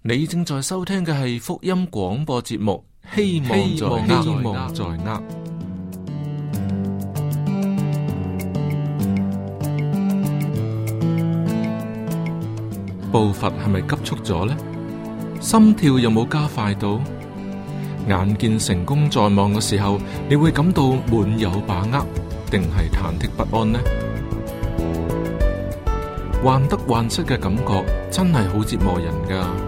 你正在收聽嘅係福音廣播節目，希望希望在握。步伐係咪急促咗呢？心跳有冇加快到？眼見成功在望嘅時候，你會感到滿有把握，定係忐忑不安呢？患得患失嘅感覺真係好折磨人噶。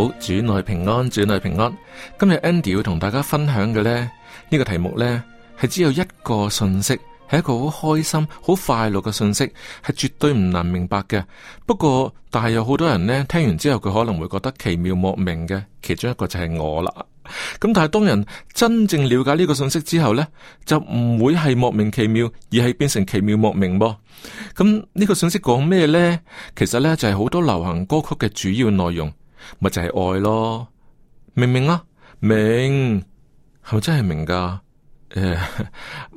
好，主內平安，主內平安。今日 Andy 要同大家分享嘅咧呢、呢個題目呢，係只有一個信息，係一個好開心、好快樂嘅信息，係絕對唔難明白嘅。不過，但係有好多人呢，聽完之後，佢可能會覺得奇妙莫名嘅。其中一個就係我啦。咁但係當人真正了解呢個信息之後呢，就唔會係莫名其妙，而係變成奇妙莫名。咁呢個信息講咩呢？其實呢，就係、是、好多流行歌曲嘅主要內容。咪就係愛咯，明唔明啊？明，係咪真係明噶？誒、欸，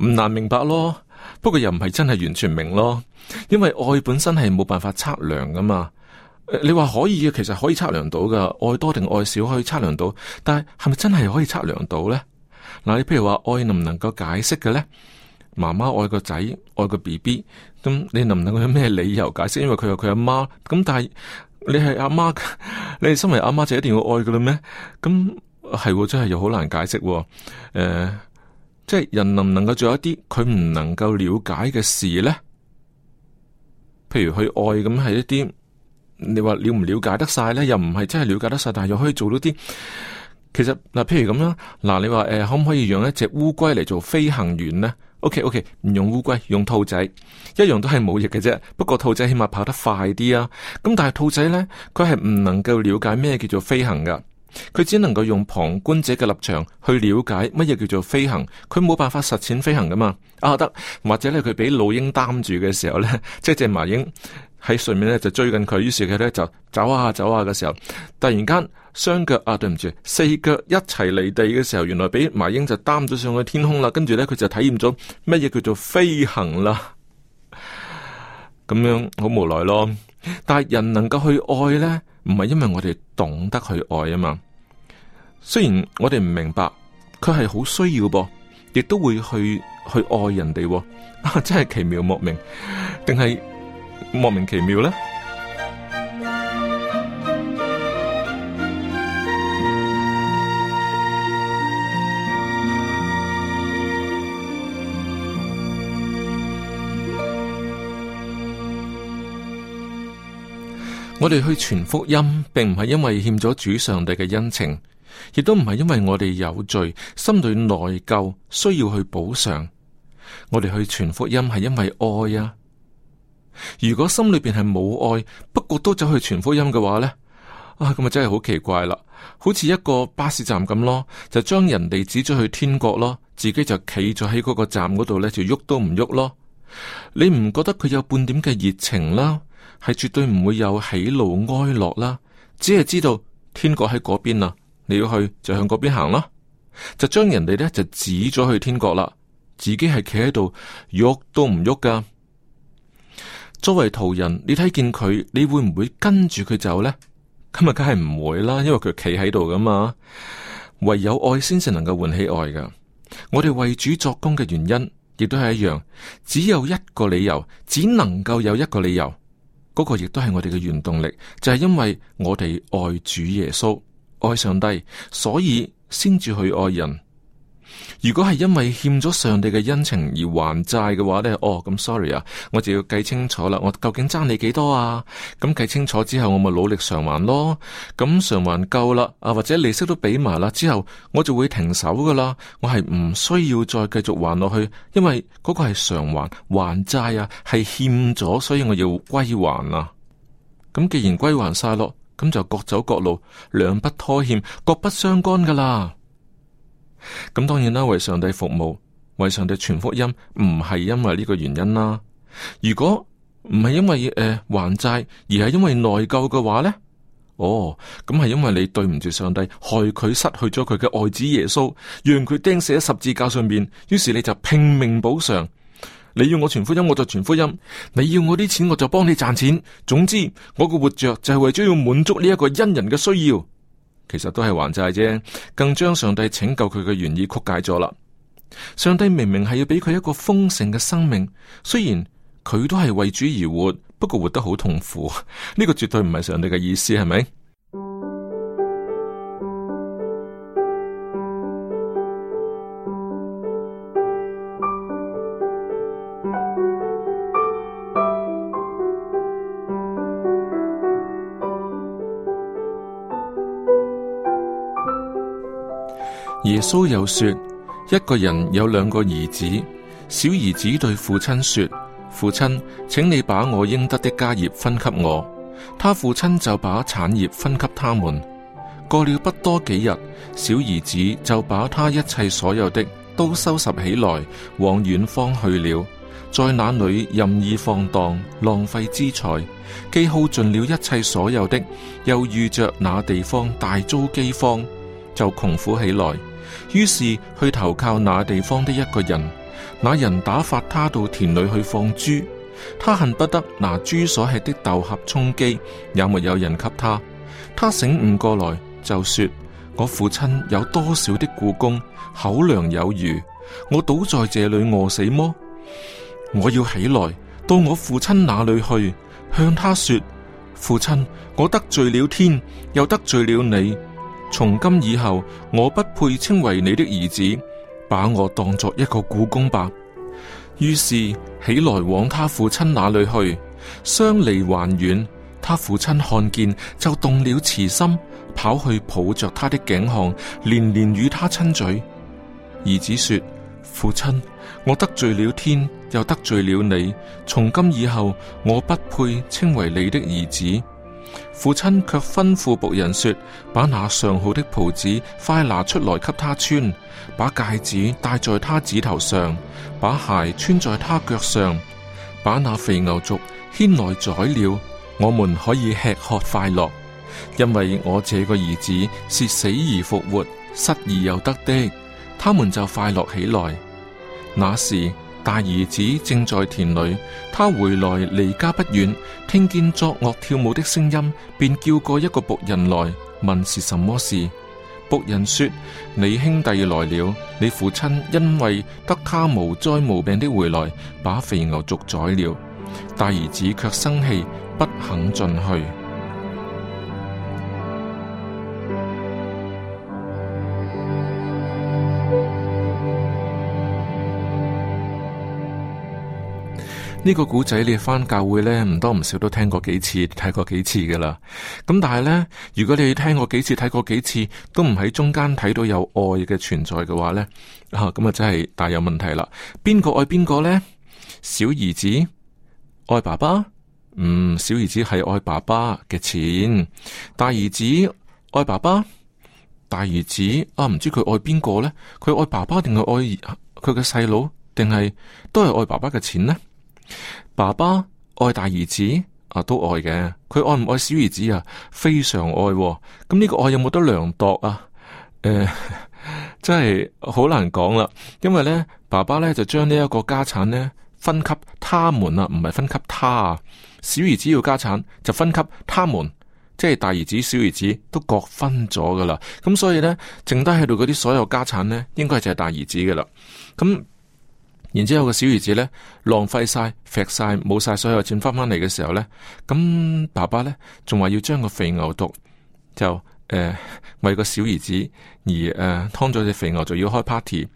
唔 難明白咯。不過又唔係真係完全明咯，因為愛本身係冇辦法測量噶嘛。你話可以，其實可以測量到噶，愛多定愛少可以測量到。但係係咪真係可以測量到咧？嗱，你譬如話愛能唔能夠解釋嘅咧？媽媽愛個仔，愛個 BB，咁你能唔能夠有咩理由解釋？因為佢有佢阿媽，咁但係。你係阿媽，你係身為阿媽就一定要愛佢啦咩？咁係真係又好難解釋。誒、呃，即係人能唔能夠做一啲佢唔能夠了解嘅事咧？譬如佢愛咁係一啲，你話了唔了解得晒咧？又唔係真係了解得晒，但係又可以做到啲。其實嗱、呃，譬如咁樣，嗱、呃，你話誒、呃，可唔可以養一隻烏龜嚟做飛行員咧？O K O K，唔用烏龜，用兔仔，一樣都係冇翼嘅啫。不過兔仔起碼跑得快啲啊！咁但係兔仔咧，佢係唔能夠了解咩叫做飛行噶，佢只能夠用旁觀者嘅立場去了解乜嘢叫做飛行，佢冇辦法實踐飛行噶嘛。啊得，或者咧，佢畀老鷹擔住嘅時候咧，即係隻麻鷹喺上面咧就追緊佢，於是佢咧就走啊走啊嘅時候，突然間。雙腳啊，對唔住，四腳一齊離地嘅時候，原來俾麻鷹就擔咗上去天空啦。跟住咧，佢就體驗咗乜嘢叫做飛行啦。咁樣好無奈咯。但係人能夠去愛咧，唔係因為我哋懂得去愛啊嘛。雖然我哋唔明白，佢係好需要噃，亦都會去去愛人哋。啊，真係奇妙莫名，定係莫名其妙咧？我哋去傳福音，並唔係因為欠咗主上帝嘅恩情，亦都唔係因為我哋有罪，心裏內疚，需要去補償。我哋去傳福音係因為愛啊！如果心裏面係冇愛，不過都走去傳福音嘅話呢，啊咁咪真係好奇怪啦！好似一個巴士站咁咯，就將人哋指咗去天國咯，自己就企咗喺嗰個站嗰度呢，就喐都唔喐咯。你唔覺得佢有半點嘅熱情啦？係絕對唔會有喜怒哀樂啦，只係知道天國喺嗰邊啦。你要去就向嗰邊行啦，就將人哋呢就指咗去天國啦。自己係企喺度，喐都唔喐噶。作為途人，你睇見佢，你會唔會跟住佢走呢？今日梗係唔會啦，因為佢企喺度噶嘛。唯有愛先至能夠喚起愛噶。我哋為主作工嘅原因，亦都係一樣，只有一個理由，只能夠有一個理由。嗰個亦都係我哋嘅原動力，就係因為我哋愛主耶穌、愛上帝，所以先至去愛人。如果係因為欠咗上帝嘅恩情而還債嘅話呢？哦，咁 sorry 啊，我就要計清楚啦，我究竟爭你幾多啊？咁計清楚之後，我咪努力償還咯。咁償還夠啦，啊或者利息都俾埋啦之後，我就會停手噶啦。我係唔需要再繼續還落去，因為嗰個係償還還債啊，係欠咗，所以我要歸還啊。咁既然歸還晒落，咁就各走各路，兩不拖欠，各不相干噶啦。咁當然啦，為上帝服務，為上帝傳福音，唔係因為呢個原因啦。如果唔係因為誒、呃、還債，而係因為內疚嘅話呢？哦，咁係因為你對唔住上帝，害佢失去咗佢嘅愛子耶穌，讓佢釘死喺十字架上面，於是你就拼命補償。你要我傳福音，我就傳福音；你要我啲錢，我就幫你賺錢。總之，我活個活着就係為咗要滿足呢一個恩人嘅需要。其實都係還債啫，更將上帝拯救佢嘅原意曲解咗啦。上帝明明係要畀佢一個豐盛嘅生命，雖然佢都係為主而活，不過活得好痛苦。呢個絕對唔係上帝嘅意思，係咪？耶穌又說：一個人有兩個兒子，小兒子對父親說：父親，請你把我應得的家業分給我。他父親就把產業分給他們。過了不多幾日，小兒子就把他一切所有的都收拾起來，往遠方去了，在那裏任意放蕩，浪費資財，既耗盡了一切所有的，又遇着那地方大遭饑荒。就窮苦起來，於是去投靠那地方的一個人。那人打發他到田裏去放豬，他恨不得拿豬所吃的豆殼充飢，也沒有人給他。他醒悟過來，就說：我父親有多少的雇工，口糧有餘，我倒在這裏餓死麼？我要起來到我父親那裏去，向他說：父親，我得罪了天，又得罪了你。從今以後，我不配稱為你的兒子，把我當作一個僱工吧。於是起來往他父親那裏去，相離還遠，他父親看見就動了慈心，跑去抱着他的頸項，連連與他親嘴。兒子說：父親，我得罪了天，又得罪了你。從今以後，我不配稱為你的兒子。父親卻吩咐僕人說：把那上好的袍子快拿出來給他穿，把戒指戴在他指頭上，把鞋穿在他腳上，把那肥牛犢牽來宰了，我們可以吃喝快樂。因為我這個兒子是死而復活、失而又得的，他們就快樂起來。那時。大兒子正在田裏，他回來離家不遠，聽見作樂跳舞的聲音，便叫過一個僕人來問是什麼事。僕人說：你兄弟來了，你父親因為得他無災無病的回來，把肥牛犢宰了。大兒子卻生氣，不肯進去。呢個古仔，你返教會咧唔多唔少都聽過幾次，睇過幾次噶啦。咁、嗯、但係咧，如果你去聽過幾次，睇過幾次，都唔喺中間睇到有愛嘅存在嘅話咧，吓咁啊，嗯、真係大有問題啦。邊個愛邊個咧？小兒子愛爸爸，嗯，小兒子係愛爸爸嘅錢。大兒子愛爸爸，大兒子啊，唔知佢愛邊個咧？佢愛爸爸定係愛佢嘅細佬，定係都係愛爸爸嘅錢呢？爸爸愛大兒子啊，都愛嘅。佢愛唔愛小兒子啊？非常愛，哦。咁呢個愛有冇得量度啊？誒、欸，真係好難講啦。因為呢，爸爸呢就將呢一個家產呢分給他們啊，唔係分給他啊。小兒子要家產就分給他們，即、就、係、是、大兒子、小兒子都各分咗噶啦。咁所以呢，剩低喺度嗰啲所有家產呢，應該就係大兒子噶啦。咁。然之後個小兒子呢，浪費晒、蝕晒、冇晒所有錢翻返嚟嘅時候呢，咁爸爸呢，仲話要將個肥牛獨就誒為、呃、個小兒子而誒劏咗隻肥牛就要開 party，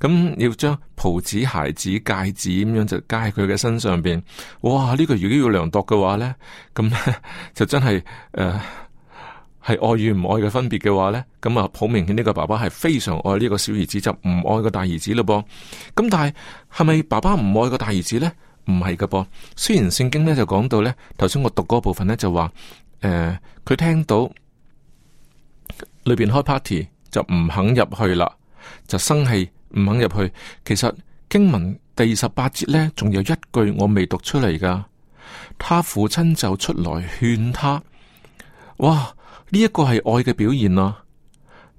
咁要將袍子、鞋子、戒指咁樣就加喺佢嘅身上邊，哇！呢、呢個如果要量度嘅話咧，咁咧就真係誒。呃係愛與唔愛嘅分別嘅話呢，咁啊好明顯呢個爸爸係非常愛呢個小兒子，就唔愛個大兒子咯噃。咁但係係咪爸爸唔愛個大兒子呢？唔係噶噃。雖然聖經呢就講到呢，頭先我讀嗰部分呢，就話，誒、呃、佢聽到裏邊開 party 就唔肯入去啦，就生氣唔肯入去。其實經文第二十八節呢，仲有一句我未讀出嚟噶，他父親就出來勸他，哇！呢一個係愛嘅表現啊。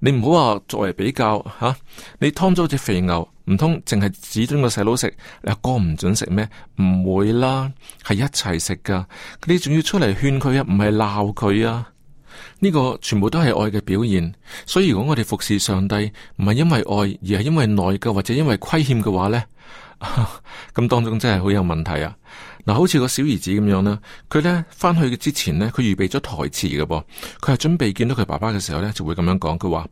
你唔好話作為比較吓、啊，你劏咗隻肥牛，唔通淨係只准個細佬食，你阿哥唔准食咩？唔會啦，係一齊食噶。你仲要出嚟勸佢啊，唔係鬧佢啊？呢個全部都係愛嘅表現。所以如果我哋服侍上帝唔係因為愛，而係因為內疚或者因為虧欠嘅話呢，咁、啊、當中真係好有問題啊！嗱，好似個小兒子咁樣啦，佢咧翻去嘅之前咧，佢預備咗台詞嘅噃，佢係準備見到佢爸爸嘅時候咧，就會咁樣講。佢話，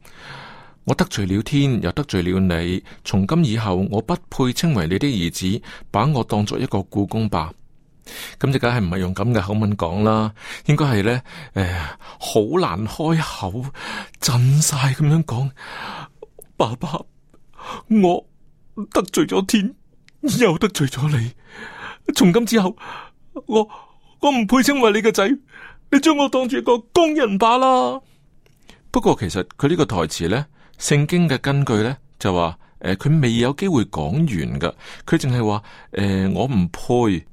我得罪了天，又得罪了你，從今以後我不配稱為你的兒子，把我當作一個雇工吧。咁就梗係唔係用咁嘅口吻講啦，應該係咧誒，好難開口，震晒咁樣講，爸爸，我得罪咗天，又得罪咗你。從今之後，我我唔配稱為你嘅仔，你將我當住一個工人罷啦。不過其實佢呢個台詞呢，聖經嘅根據呢，就話，誒，佢未有機會講完噶，佢淨係話，誒、呃、我唔配，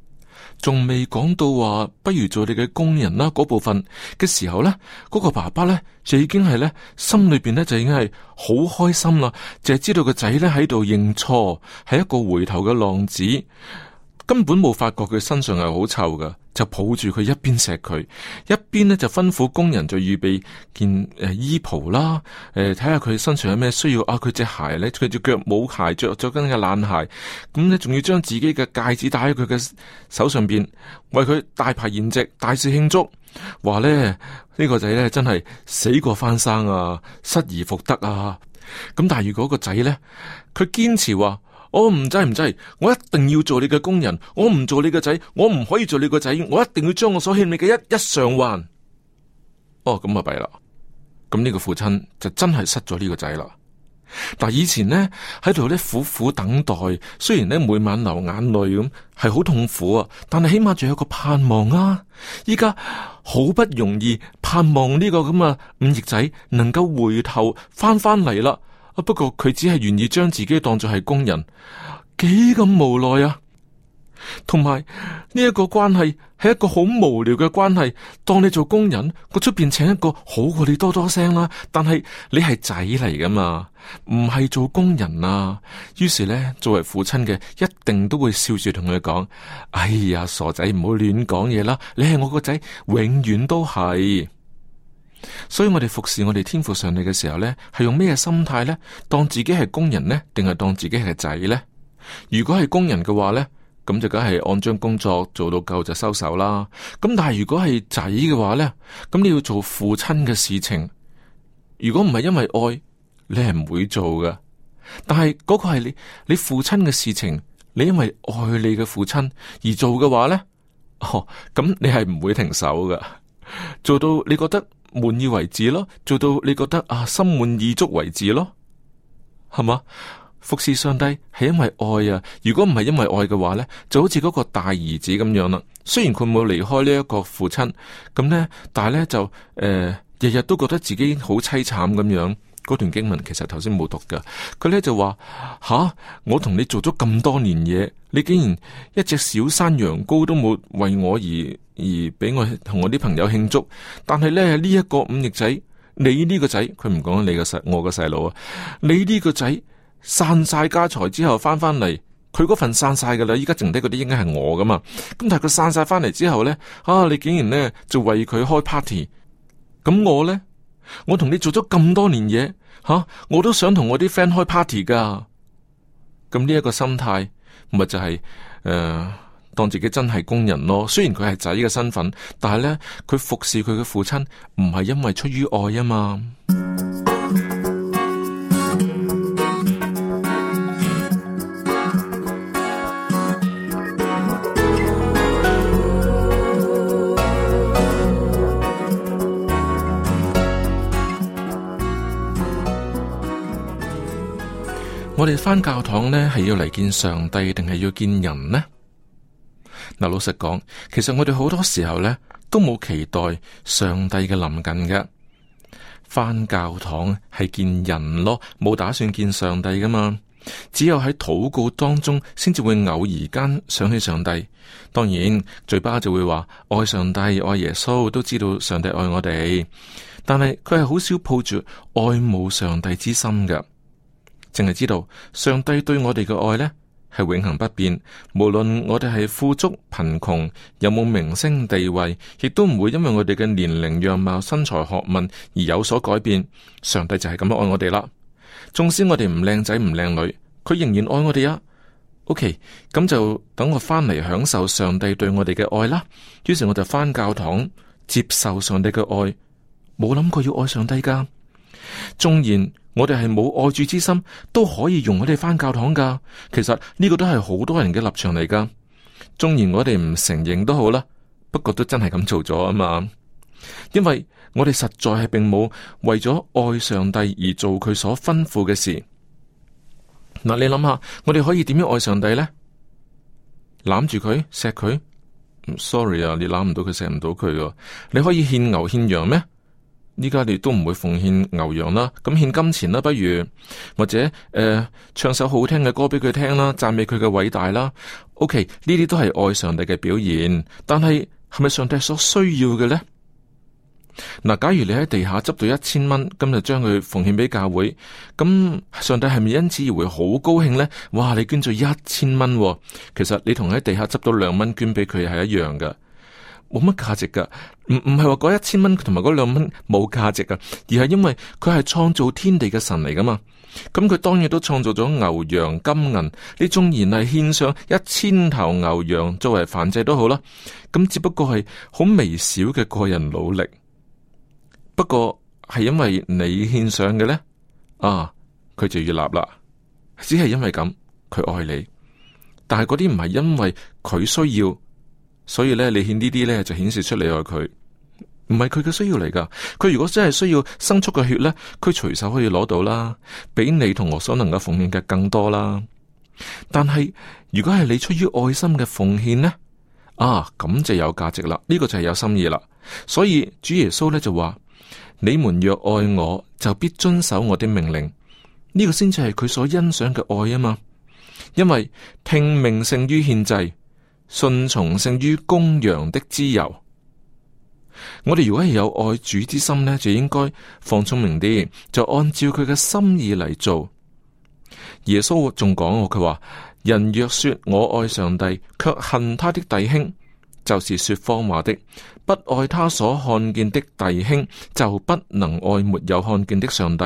仲未講到話不如做你嘅工人啦嗰部分嘅時候呢，嗰、那個爸爸呢，就已經係呢，心裏邊呢，就已經係好開心啦，淨係、是、知道個仔呢，喺度認錯，係一個回頭嘅浪子。根本冇發覺佢身上係好臭噶，就抱住佢一邊錫佢，一邊呢就吩咐工人就預備件誒衣袍啦，誒睇下佢身上有咩需要啊。佢隻鞋咧，佢隻腳冇鞋，着咗跟嘅爛鞋，咁咧仲要將自己嘅戒指戴喺佢嘅手上邊，為佢大排筵席，大肆慶祝，話咧呢個仔咧真係死過翻生啊，失而復得啊！咁但係如果個仔咧，佢堅持話。我唔制唔制，我一定要做你嘅工人，我唔做你個仔，我唔可以做你個仔，我一定要將我所欠你嘅一一償還。哦，咁啊弊啦，咁呢個父親就真係失咗呢個仔啦。但以前呢，喺度咧苦苦等待，雖然咧每晚流眼淚咁，係好痛苦啊，但係起碼仲有個盼望啊。依家好不容易盼望呢個咁啊忤逆仔能夠回頭翻翻嚟啦。不過佢只係願意將自己當做係工人，幾咁無奈啊！同埋呢一個關係係一個好無聊嘅關係。當你做工人，我出邊請一個好過你多多聲啦。但係你係仔嚟噶嘛，唔係做工人啊。於是呢，作為父親嘅一定都會笑住同佢講：哎呀，傻仔，唔好亂講嘢啦！你係我個仔，永遠都係。所以我哋服侍我哋天父上帝嘅時候咧，係用咩心態咧？當自己係工人呢？定係當自己係仔咧？如果係工人嘅話咧，咁就梗係按章工作，做到夠就收手啦。咁但係如果係仔嘅話咧，咁你要做父親嘅事情。如果唔係因為愛，你係唔會做噶。但係嗰個係你你父親嘅事情，你因為愛你嘅父親而做嘅話咧，哦，咁你係唔會停手噶，做到你覺得。滿意為止咯，做到你覺得啊心滿意足為止咯，係嘛？服侍上帝係因為愛啊，如果唔係因為愛嘅話呢，就好似嗰個大兒子咁樣啦。雖然佢冇離開呢一個父親，咁呢，但係呢就誒，日日都覺得自己好淒慘咁樣。嗰段經文其實頭先冇讀噶，佢咧就話：吓、啊，我同你做咗咁多年嘢，你竟然一隻小山羊羔都冇為我而而俾我同我啲朋友慶祝。但係咧呢一、這個五億仔，你呢個仔，佢唔講你個細我個細佬啊，你呢個仔散晒家財之後翻翻嚟，佢嗰份散晒噶啦，依家剩低嗰啲應該係我噶嘛。咁但係佢散晒翻嚟之後咧，啊，你竟然咧就為佢開 party，咁我咧？我同你做咗咁多年嘢，吓、啊、我都想同我啲 friend 開 party 噶。咁呢一個心態，咪就係、是、誒、呃，當自己真係工人咯。雖然佢係仔嘅身份，但係呢，佢服侍佢嘅父親，唔係因為出於愛啊嘛。我哋翻教堂呢，係要嚟見上帝，定係要見人呢？嗱，老實講，其實我哋好多時候呢，都冇期待上帝嘅臨近嘅。翻教堂係見人咯，冇打算見上帝噶嘛。只有喺禱告當中，先至會偶然間想起上帝。當然，嘴巴就會話愛上帝、愛耶穌，都知道上帝愛我哋。但係佢係好少抱住愛慕上帝之心嘅。淨係知道上帝對我哋嘅愛呢，係永恆不變，無論我哋係富足貧窮，有冇名聲地位，亦都唔會因為我哋嘅年齡、樣貌、身材、學問而有所改變。上帝就係咁樣愛我哋啦。縱使我哋唔靚仔唔靚女，佢仍然愛我哋啊。OK，咁就等我返嚟享受上帝對我哋嘅愛啦。於是我就返教堂接受上帝嘅愛，冇諗過要愛上帝噶。縱然我哋係冇愛主之心，都可以用我哋翻教堂噶。其實呢個都係好多人嘅立場嚟噶。縱然我哋唔承認都好啦，不過都真係咁做咗啊嘛。因為我哋實在係並冇為咗愛上帝而做佢所吩咐嘅事。嗱，你諗下，我哋可以點樣愛上帝呢？攬住佢，錫佢？唔 sorry 啊，你攬唔到佢，錫唔到佢噶。你可以獻牛獻羊咩？而家你都唔會奉獻牛羊啦，咁獻金錢啦，不如或者誒、呃、唱首好聽嘅歌俾佢聽啦，讚美佢嘅偉大啦。O K 呢啲都係愛上帝嘅表現，但係係咪上帝所需要嘅呢？嗱、啊，假如你喺地下執到一千蚊，今日將佢奉獻俾教會，咁上帝係咪因此而會好高興呢？哇！你捐咗一千蚊，哦，其實你同喺地下執到兩蚊捐俾佢係一樣㗎。冇乜價值噶，唔唔係話嗰一千蚊同埋嗰兩蚊冇價值噶，而係因為佢係創造天地嘅神嚟噶嘛，咁佢當然都創造咗牛羊金銀，你縱然係獻上一千頭牛羊作為燔祭都好啦，咁只不過係好微小嘅個人努力，不過係因為你獻上嘅咧，啊，佢就要立啦，只係因為咁佢愛你，但係嗰啲唔係因為佢需要。所以咧，你獻呢啲咧就顯示出你愛佢，唔係佢嘅需要嚟噶。佢如果真係需要生畜嘅血咧，佢隨手可以攞到啦，比你同我所能夠奉獻嘅更多啦。但係如果係你出於愛心嘅奉獻咧，啊，咁就有價值啦，呢個就係有心意啦。所以主耶穌咧就話：你們若愛我，就必遵守我的命令。呢個先至係佢所欣賞嘅愛啊嘛，因為聽命勝於獻祭。順從勝於公羊的自由。我哋如果係有愛主之心呢，就應該放聰明啲，就按照佢嘅心意嚟做。耶穌仲講過，佢話人若說我愛上帝，卻恨他的弟兄，就是說謊話的；不愛他所看見的弟兄，就不能愛沒有看見的上帝。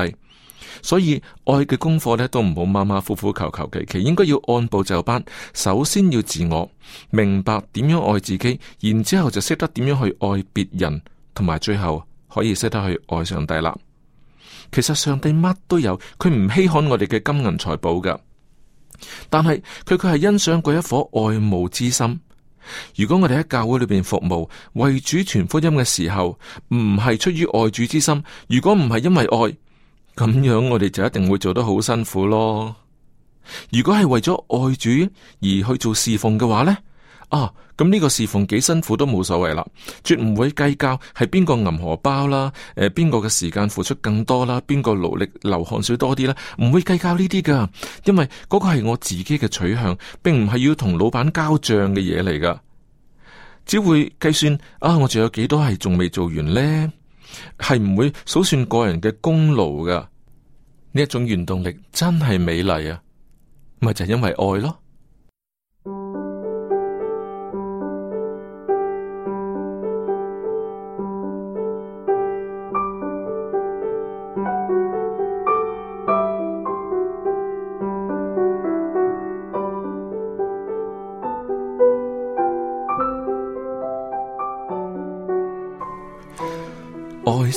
所以愛嘅功課呢，都唔好馬馬虎虎、求求其其，應該要按部就班。首先要自我明白點樣愛自己，然之後就識得點樣去愛別人，同埋最後可以識得去愛上帝啦。其實上帝乜都有，佢唔稀罕我哋嘅金銀財寶㗎，但係佢佢係欣賞過一顆愛慕之心。如果我哋喺教會裏邊服務、為主傳福音嘅時候，唔係出於愛主之心，如果唔係因為愛。咁樣我哋就一定會做得好辛苦咯。如果係為咗愛主而去做侍奉嘅話呢，啊，咁呢個侍奉幾辛苦都冇所謂啦，絕唔會計較係邊個銀荷包啦，誒、呃，邊個嘅時間付出更多啦，邊個勞力流汗水多啲啦，唔會計較呢啲噶，因為嗰個係我自己嘅取向，並唔係要同老闆交賬嘅嘢嚟噶，只會計算啊，我仲有幾多係仲未做完呢？係唔會數算個人嘅功勞噶，呢一種原動力真係美麗啊！咪就係因為愛咯。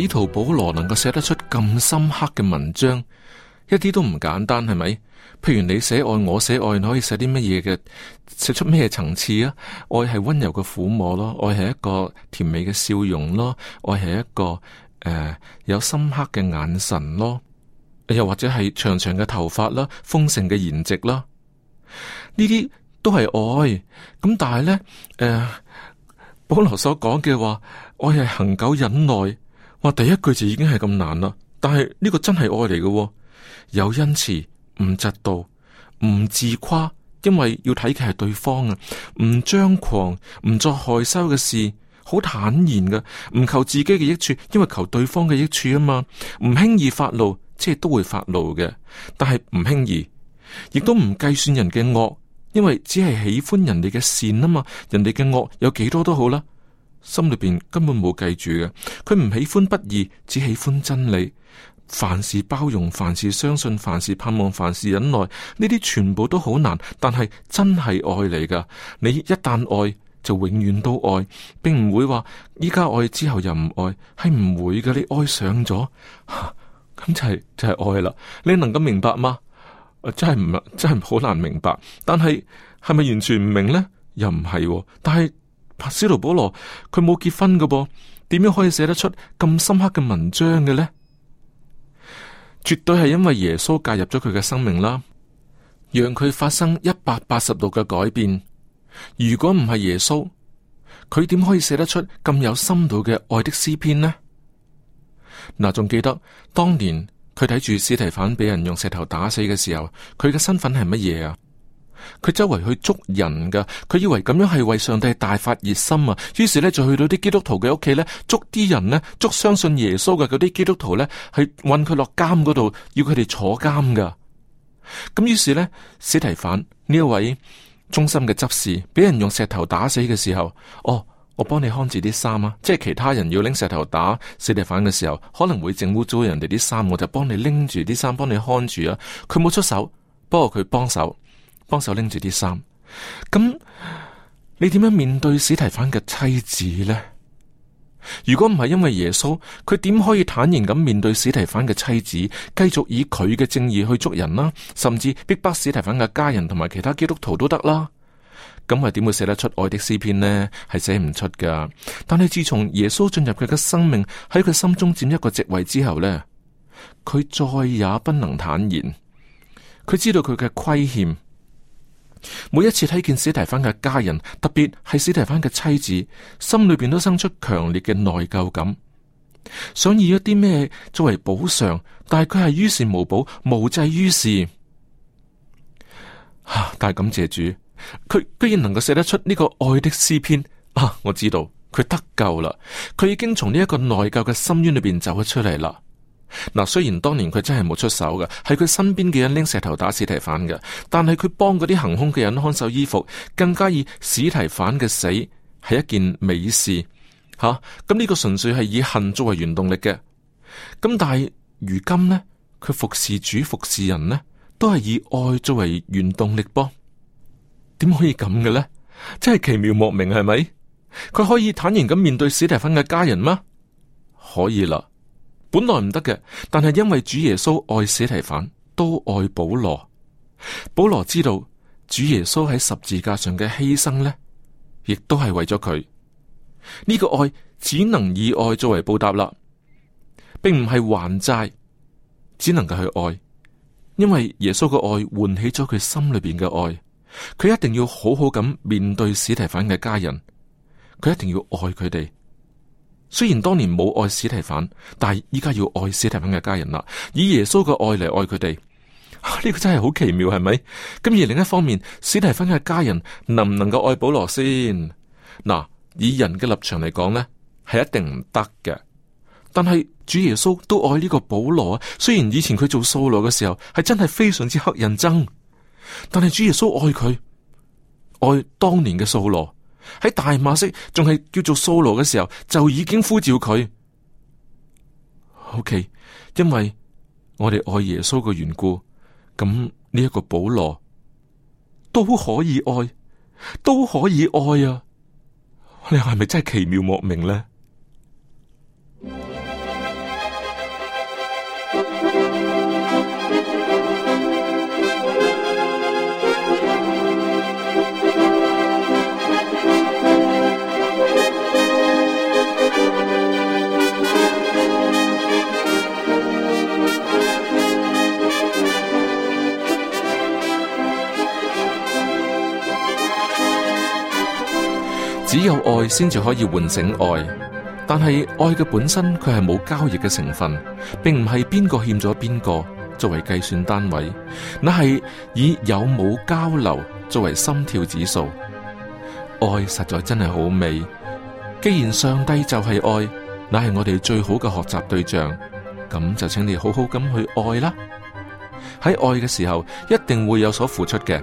使徒保羅能夠寫得出咁深刻嘅文章，一啲都唔簡單，係咪？譬如你寫愛，我寫愛，你可以寫啲乜嘢嘅？寫出咩層次啊？愛係温柔嘅撫摸咯，愛係一個甜美嘅笑容咯，愛係一個誒、呃、有深刻嘅眼神咯，又或者係長長嘅頭髮啦，豐盛嘅筵席啦，呢啲都係愛。咁但係呢，誒、呃，保羅所講嘅話，愛係恒久忍耐。話第一句就已經係咁難啦，但係呢個真係愛嚟嘅、哦，有恩慈，唔嫉妒，唔自誇，因為要睇嘅係對方啊，唔張狂，唔作害羞嘅事，好坦然嘅，唔求自己嘅益處，因為求對方嘅益處啊嘛，唔輕易發怒，即係都會發怒嘅，但係唔輕易，亦都唔計算人嘅惡，因為只係喜歡人哋嘅善啊嘛，人哋嘅惡有幾多都好啦、啊。心裏邊根本冇記住嘅，佢唔喜歡不義，只喜歡真理。凡事包容，凡事相信，凡事盼望，凡事忍耐。呢啲全部都好難，但係真係愛嚟噶。你一旦愛就永遠都愛，並唔會話依家愛之後又唔愛，係唔會噶。你愛上咗，咁、啊、就係、是、就係、是、愛啦。你能夠明白嗎？啊、真係唔真係好難明白，但係係咪完全唔明呢？又唔係、啊，但係。帕斯圖保羅佢冇結婚㗎噃，點樣可以寫得出咁深刻嘅文章嘅呢？絕對係因為耶穌介入咗佢嘅生命啦，讓佢發生一百八十度嘅改變。如果唔係耶穌，佢點可以寫得出咁有深度嘅愛的詩篇呢？嗱，仲記得當年佢睇住司提反俾人用石頭打死嘅時候，佢嘅身份係乜嘢啊？佢周圍去捉人噶，佢以為咁樣係為上帝大發熱心啊！於是呢，就去到啲基督徒嘅屋企呢，捉啲人呢，捉相信耶穌嘅嗰啲基督徒呢，係運佢落監嗰度，要佢哋坐監噶。咁於是呢，史提反呢一位忠心嘅執事，俾人用石頭打死嘅時候，哦，我幫你看住啲衫啊！即係其他人要拎石頭打死史提反嘅時候，可能會整污糟人哋啲衫，我就幫你拎住啲衫，幫你看住啊！佢冇出手，不過佢幫手。幫手拎住啲衫，咁你點樣面對史提反嘅妻子呢？如果唔係因為耶穌，佢點可以坦然咁面對史提反嘅妻子，繼續以佢嘅正義去捉人啦，甚至逼迫，迫史提反嘅家人同埋其他基督徒都得啦？咁係點會寫得出愛的詩篇呢？係寫唔出噶。但係自從耶穌進入佢嘅生命，喺佢心中佔一個席位之後呢，佢再也不能坦然。佢知道佢嘅虧欠。每一次睇見史提芬嘅家人，特別係史提芬嘅妻子，心裏邊都生出強烈嘅內疚感，想以一啲咩作為補償，但係佢係於事無補，無濟於事。啊，但係感謝主，佢居然能夠寫得出呢個愛的詩篇啊！我知道佢得救啦，佢已經從呢一個內疚嘅深淵裏邊走咗出嚟啦。嗱，雖然當年佢真係冇出手嘅，係佢身邊嘅人拎石頭打史提反嘅，但係佢幫嗰啲行凶嘅人看守衣服，更加以史提反嘅死係一件美事吓。咁，啊，嗯，呢個純粹係以恨作為原動力嘅。咁，嗯，但係如今呢，佢服侍主服侍人呢，都係以愛作為原動力噃。點可以咁嘅呢？真係奇妙莫名係咪？佢可以坦然咁面對史提反嘅家人咩？可以啦。本來唔得嘅，但係因為主耶穌愛司提反，都愛保羅。保羅知道主耶穌喺十字架上嘅犧牲呢，亦都係為咗佢。呢個愛只能以愛作為報答啦，並唔係還債，只能夠去愛，因為耶穌嘅愛喚起咗佢心裏邊嘅愛。佢一定要好好咁面對司提反嘅家人，佢一定要愛佢哋。雖然當年冇愛史提芬，但係依家要愛史提芬嘅家人啦，以耶穌嘅愛嚟愛佢哋，呢、啊這個真係好奇妙，係咪？咁而另一方面，史提芬嘅家人能唔能夠愛保羅先？嗱，以人嘅立場嚟講呢，係一定唔得嘅。但係主耶穌都愛呢個保羅啊，雖然以前佢做掃羅嘅時候係真係非常之黑人憎，但係主耶穌愛佢，愛當年嘅掃羅。喺大馬色仲係叫做掃羅嘅時候就已經呼召佢，OK，因為我哋愛耶穌嘅緣故，咁呢一個保羅都可以愛，都可以愛啊！你係咪真係奇妙莫名咧？愛先至可以喚醒愛，但係愛嘅本身，佢係冇交易嘅成分，並唔係邊個欠咗邊個作為計算單位，那係以有冇交流作為心跳指數。愛實在真係好美，既然上帝就係愛，那係我哋最好嘅學習對象，咁就請你好好咁去愛啦。喺愛嘅時候，一定會有所付出嘅。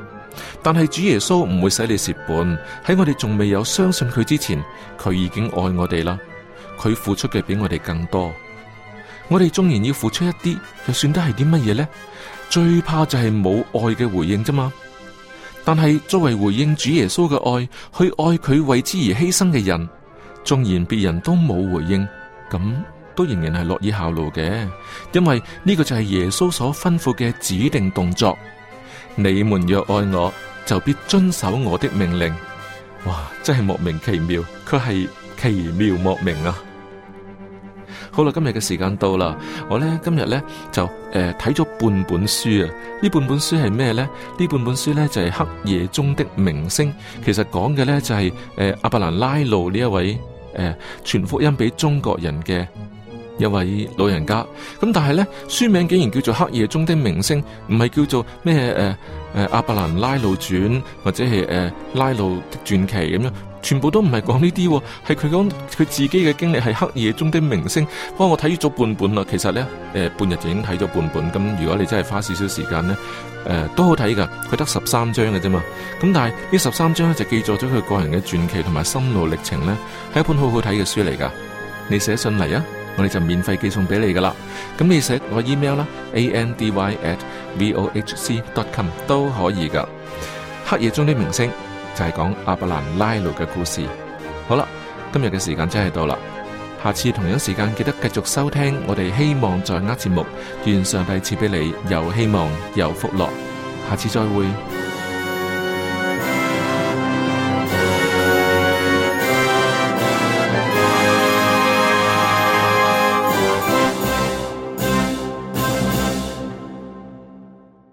但係主耶穌唔會使你蝕本。喺我哋仲未有相信佢之前，佢已經愛我哋啦。佢付出嘅比我哋更多。我哋縱然要付出一啲，又算得係啲乜嘢呢？最怕就係冇愛嘅回應啫嘛。但係作為回應主耶穌嘅愛，去愛佢為之而犧牲嘅人，縱然別人都冇回應，咁都仍然係樂意效勞嘅，因為呢個就係耶穌所吩咐嘅指定動作。你們若愛我，就必遵守我的命令。哇，真係莫名其妙，佢係奇妙莫名啊！好啦，今日嘅時間到啦，我咧今日咧就誒睇咗半本書啊，呢半本書係咩咧？呢半本書咧就係、是、黑夜中的明星，其實講嘅咧就係、是、誒、呃、阿伯蘭拉路呢一位誒、呃、傳福音俾中國人嘅。一位老人家咁，但係咧書名竟然叫做《黑夜中的明星》，唔係叫做咩誒誒阿伯蘭拉魯傳，或者係誒、呃、拉魯的傳奇咁樣，全部都唔係講呢啲，係佢講佢自己嘅經歷係黑夜中的明星。我我睇咗半本啦，其實咧誒、呃、半日就已經睇咗半本。咁如果你真係花少少時間咧，誒、呃、都好睇噶。佢得十三章嘅啫嘛。咁但係呢十三章就記載咗佢個人嘅傳奇同埋心路歷程咧，係一本好好睇嘅書嚟噶。你寫信嚟啊！我哋就免費寄送俾你噶啦，咁你寫我 email 啦，a n d y at v o h c dot com 都可以噶。黑夜中的明星就係講阿伯蘭拉魯嘅故事。好啦，今日嘅時間真係到啦，下次同樣時間記得繼續收聽我哋希望在握節目，願上帝賜俾你又希望又福樂，下次再會。